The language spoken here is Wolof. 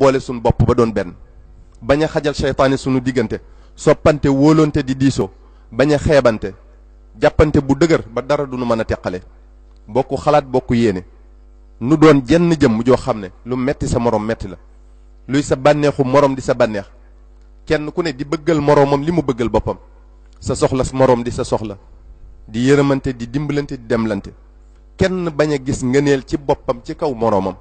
boole suñu bopp ba doon benn bañ a xajal seytaane suñu diggante soppante wóolonte di diisoo bañ a xeebante jàppante bu dëgër ba dara du nu mën a teqale bokku xalaat bokk yéene nu doon jenn jëmm joo xam ne lu metti sa morom metti la luy sa bànneexu moroom di sa bànneex kenn ku ne di bëggal moroomam li mu bëggal boppam sa soxla moroom di sa soxla di yërëmante di dimbalante di demlante kenn bañ a gis ngëneel ci boppam ci kaw moroomam